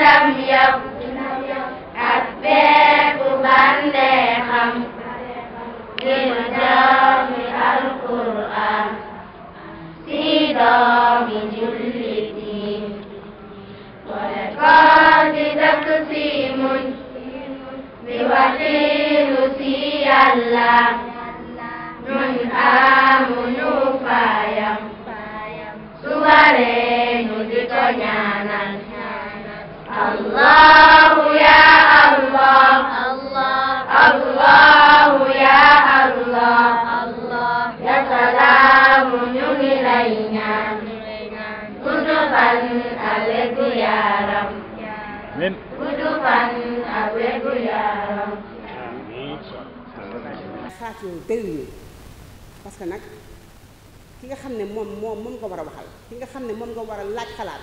لم يكن أتباك بلغا للدام القرآن في دام جلتي ولقد تقسيم بوحي رسي الله Allahu ya Allah. Ya Allah. ya Allah. Allah. Ya ya parce que nag ki nga xam ne moom moom nga war waxal ki nga xam ne nga laaj xalaat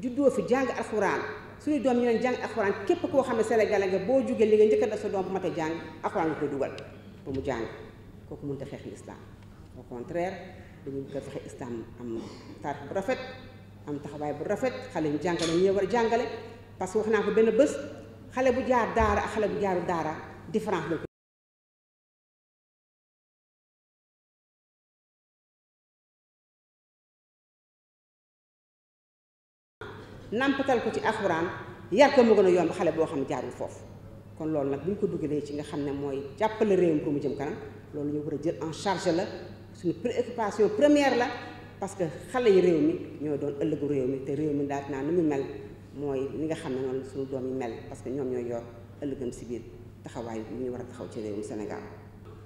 juddoo fi jàng alxuraan suñu doom ñu leen jàng alxuraan képp koo xam ne sénégale nga boo jógee li nga njëkk a def sa doom bu matee jàng alxuraan nga koy dugal ba mu jàng kooku mënut a xeex lislaam au contraire dañu ko fexe islam am taarix bu rafet am taxawaay bu rafet xale ñu jàngale ñu war a jàngale parce que wax naa ko benn bës xale bu jaar daara ak xale bu jaaru daara différence la nampatal ko ci alxuraan yar ko mu gën a yomb xale boo xam jaarul foofu kon loolu nag bu ñu ko dugalee ci nga xam ne mooy jàppale réewam ko mu jëm kanam loolu ñu war a jël en charge la suñu préoccupation première la parce que xale yi réew mi ñoo doon ëllëgu réew mi te réew mi daal naa nu mu mel mooy li nga xam ne noonu suñu doom yi mel parce que ñoom ñoo yor ëllëgam si biir taxawaay mu ñu war a taxaw ci réewum Sénégal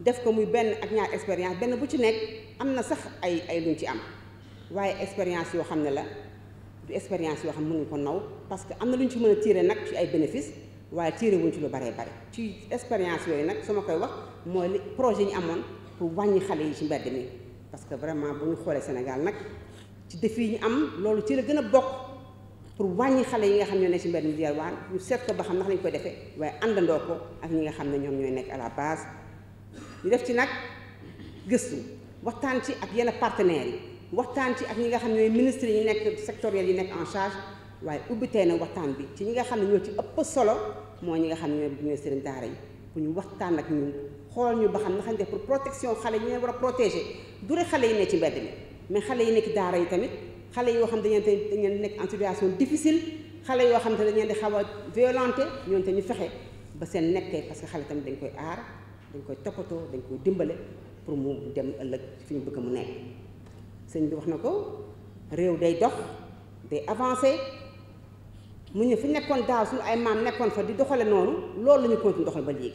def ko muy benn ak ñaar expérience benn bu ci nekk am na sax ay ay luñ ci am waaye expérience yoo xam ne la du expérience yoo xam ne mënuñu ko naw parce que am na lu ñu ci mën a tiire nag ci ay bénéfice waaye tiire wuñ ci lu baree bare ci expérience yooyu nag su ma koy wax mooy li projet ñu amoon pour wàññi xale yi ci mbedd mi parce que vraiment bu ñu xoolee Sénégal nag ci défi yi ñu am loolu ci la gën a bokk pour wàññi xale yi nga xam ñoo ne ci mbedd mi di yalwaan ñu seet ko ba xam nax lañ koy defee waaye àndandoo ko ak ñi nga xam ne ñoom ñooy nekk à la base ñu def ci nag gëstu waxtaan ci ak yenn partenaires yi waxtaan ak ñi nga xam ne ministres yi nekk sectoriels yi nekk en charge waaye ubbitee na waxtaan bi ci ñi nga xam ne ñoo ci ëpp solo moo ñi nga xam ne ñooy ñooy sëriñ daara yi pour ñu waxtaan ak ñun xool ñu ba xam naka ñu def pour protection xale ñu leen war a protéger du rek xale yi ne ci mbedd mi mais xale yi nekk daara yi tamit xale yoo xam dañu dañu nekk en situation difficile xale yoo xam te dañu di xaw a violenté ñoon te ñu fexe ba seen nekkee parce que xale tamit dañ koy aar dañ koy toppatoo dañ koy dimbale pour mu dem ëllëg fi ñu bëgg mu nekk sëñ bi wax na ko réew day dox day avancé mu ne fi nekkoon daaw ay maam nekkoon fa di doxale noonu loolu la ñu continué doxal ba léegi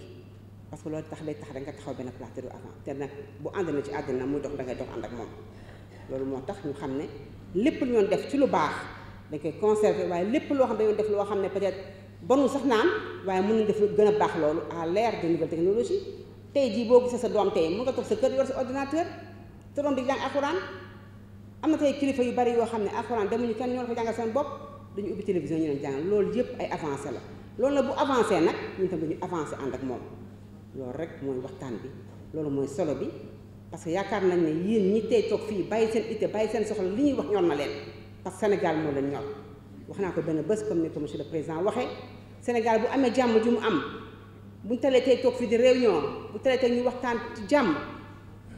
parce que loolu tax day tax da nga taxaw benn place te du avant te nag bu ànd na ci àddina muy dox da ngay dox ànd ak loolu moo tax ñu xam ne lépp lu ñu def ci lu baax dañ koy conserver waaye lépp loo xam ne dañoo def loo xam ne peut-être bonul naan waaye mën nañ def lu gën a baax loolu à l'ère de nouvelle technologie tey jii boo gisee sa doom tey mën nga toog sa kër yor sa ordinateur sa doom di jàng alxuraan am na tey kilifa yu bari yoo xam ne alxuraan demuñu kenn ñoo ko jàngal seen bopp dañu ubbi télévision ñu leen jàngal loolu yëpp ay avancé la loolu la bu avancé nag ñu tam dañu avancé ànd ak moom loolu rek mooy waxtaan bi loolu mooy solo bi parce que yaakaar nañ ne yéen ñi tey toog fii bàyyi seen itte bàyyi seen soxla li ñuy wax ñor ma leen parce que Sénégal moo leen ñor wax naa ko benn bés comme ni ko monsieur le président waxee Sénégal bu amee jàmm ju mu am buñ talee tey toog fii di réunion bu talee tey waxtaan ci jàmm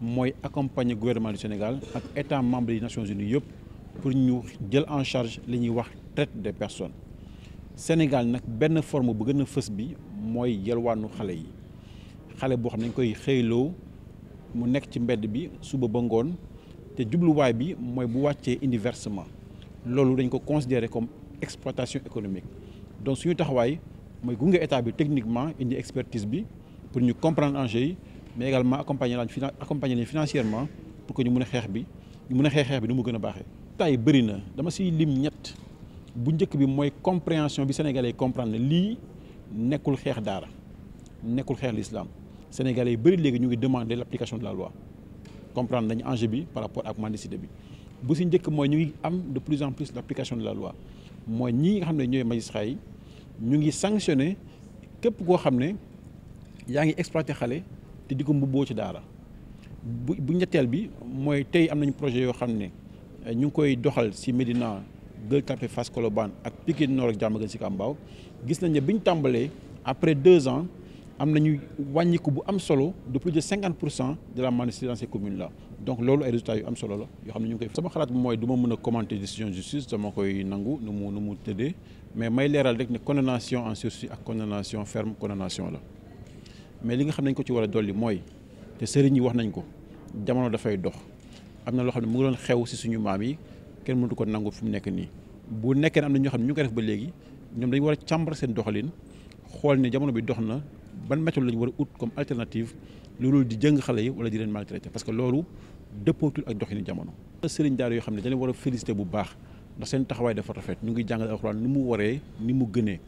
moy accompagner gouvernement du Sénégal ak état membre des Nations Unies pour nous jël en charge li ñuy wax traite des personnes Sénégal nak ben forme bu gëna a bi bi mooy yelwaanu xalé yi Xalé bo xam nañ koy xeylo mu nek ci mbedd bi suba ba té djublu way bi moy bu wàccee indi versement dañ ko considérer comme exploitation économique donc suñu taxawaay mooy gunge état bi techniquement indi expertise bi pour ñu comprendre enjeu mais également accompagner laan accompagner leen financièrement pour que ñu mën a bi ñu mëna a xeex bi nu mu gëna baxé tay bari na dama ci lim ñet bu njëkk bi moy compréhension bi sénégalais comprendre li nekkul xeex daara nekkul xeex l'islam sénégalais bari légui ñu ngi demander l'application de la loi comprendre nañu enjeu bi par rapport ak mandicité bi. bu si njëkk moy ñu ngi am de plus en plus l'application de la loi moy ñi nga xamné ñoy magistrat yi ñu ngi sanctionner képp ko xamné yaangi exploiter xalé di ko ci bu bi projet yo eh, ñu si medina, Colobane ak Pikine Nord gis nañ après deux ans bu am de plus de 50% de la dans ces communes là donc lolu ay résultat yu am solo la yo xamne ñu koy. sama décision justice koy nangu nu mu mais may rek condamnation en sursis ak condamnation ferme condamnation là. mais li nga xam nañ ko ci war a dolli mooy te sëriñ yi wax nañ ko jamono dafay dox am na loo xam ne mu ngi doon xew si suñu maam yi kenn mënatu ko nangu fu mu nekk nii bu nekkee am na ñoo xam ne ñu ko def ba léegi ñoom dañu a càmbar seen doxalin xool ne jamono bi dox na ban méthode la ñu war a ut comme alternative loolu di jëng xale yi wala di leen maltraité parce que loolu dëppootul ak doxalin jamono. sëriñ daara yoo xam ne dañu war a félicité bu baax ndax seen taxawaay dafa rafet ñu ngi jàngal alxuraan ni mu waree ni mu gënee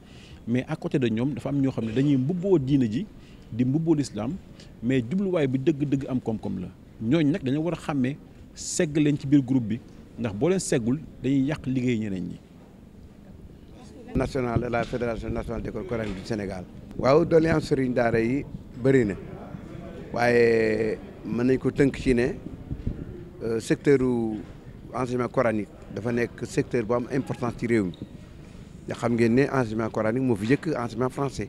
mais à côté de ñoom dafa am ñoo xam ne dañuy mbubboo diina ji di mbubboo lislaam mais jubluwaay bi deug deug am koom-koom la ñooñ nak dañu wara xamé ségg segg leen ci biir groupe bi ndax bo leen seggul dañuy yàq liggéey ñeneen ñi. nationale la fédération nationale d'école coranique du Sénégal. waaw doléance sëriñ daara yi bari na waaye mën nañ ko tënk ci ne euh, secteur u enseignement coranique dafa nekk secteur bu am importance ci réew mi nga xam ngeen ne enseignement coranique moo fi jëkk enseignement français.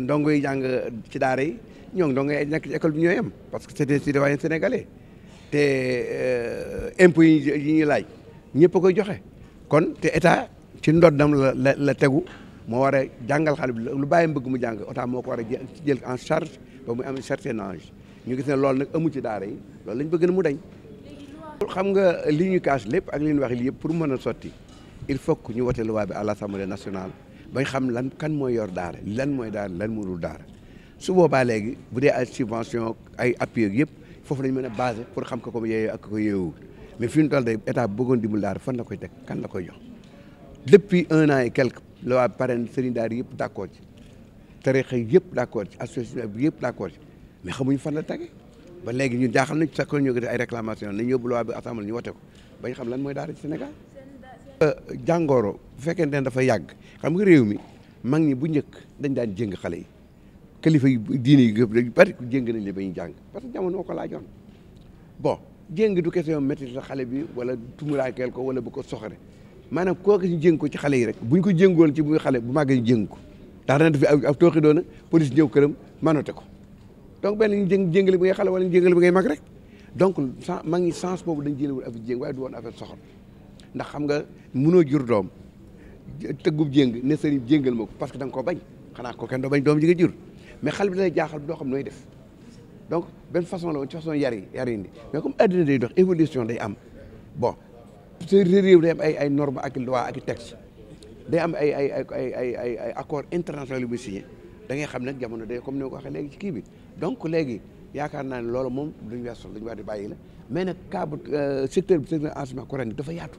ndongo yi jàng ci daara yi ñoo ndongo yi nekk ci bi ñooy am parce que c'est des citoyens sénégalais te euh, impôts yi yi laaj ñëpp a koy joxe kon te état ci ndoddam la la la tegu moo war a jàngal xale bi lu bàyyi bëgg mu jàng otaa moo ko war a jël en charge ba mu am un certain âge ñu gis ne loolu nag amu ci daara yi lool lañ bëgg na mu dañ. xam nga li ñu kaas lépp ak li ñu wax yëpp pour mën a sotti il faut que ñu wote loi bi à l'Assemblée national bañ xam lan kan mooy yor daara lan mooy daara lan moo dul daara su boobaa léegi bu dee ay subvention ay appui yëpp foofu lañ mën a basé pour xam ko ko yeeyoo ak ko yeewul mais fi ñu toll day état bëggoon dimbali daara fan la koy teg kan la koy jox depuis un an et quelque la waa parrain sëriñ daara yëpp d' accord ci tarixa yëpp d' accord ci association bi yëpp d' accord ci mais fan la tege ba léegi ñu jaaxal nañ sax ko ñu ay réclamation nañ ñu wote ko bañ xam lan mooy ci Sénégal Euh, jàngooro bu fekkee ne dafa yàgg xam nga réew mi mag ñi bu njëkk dañ daan jéng xale yi kilifa yi diine yi gëpp dañu bari jéng nañ la ba ñu jàng parce que jamono ko laajoon bon jéng du question métti xale bi wala tumuraakeel ko wala bu ko soxore maanaam koo gis ñu jéng ko ci xale yi rek buñ ko jéngoon ci bu xale bu màggee ñu jéng ko ndax dana def ak tooxi doona police ñëw këram manote ko donc benn ñu jéng jéngale bi ngay xale wala ñu jéngale bi ngay mag rek donc sans mag ñi sens boobu dañ jëlewul affaire jéng waaye du woon affaire soxor ndax xam nga mënoo jur doom tëggub jéng ne sëriñ jéngal ma ko parce que da nga ko bañ xanaa ko kenn doo bañ doom ji nga jur mais xale bi da lay jaaxal doo xam nooy def donc benn façon la woon ci façon yar yi yar yi indi comme addina day dox évolution day am bon te réew day am ay ay normes ak loi ak texte day am ay ay ay ay ay ay accords internationaux yu muy signé da ngay xam nag jamono day comme ni ma léegi ci kii bi donc léegi yaakaar naa ne loolu moom duñ weesu luñ war di bàyyi la mais nag cas bu euh, secteur bi secteur enseignement coranique dafa yaatu.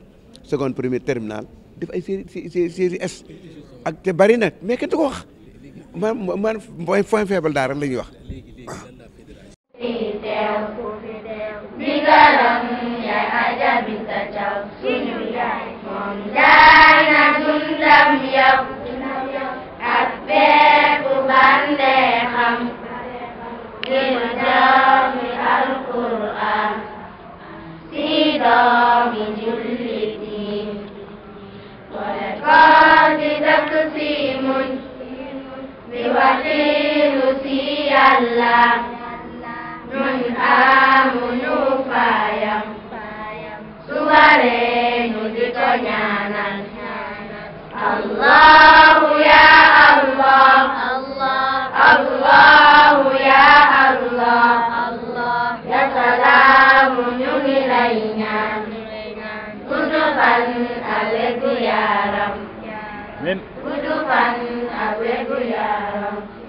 seconde première terminale def ay série série S ak te bari na mais kenn du ko wax man man mooy point faible daal rek la ñuy wax. suñu yaay moom jaay na dundam yow كلا ننعام نفايم سوالين دتنانا الله يا الله الله يا الله يا سلام إلينا قدفا عليك يا رب قدفا عليك يا رب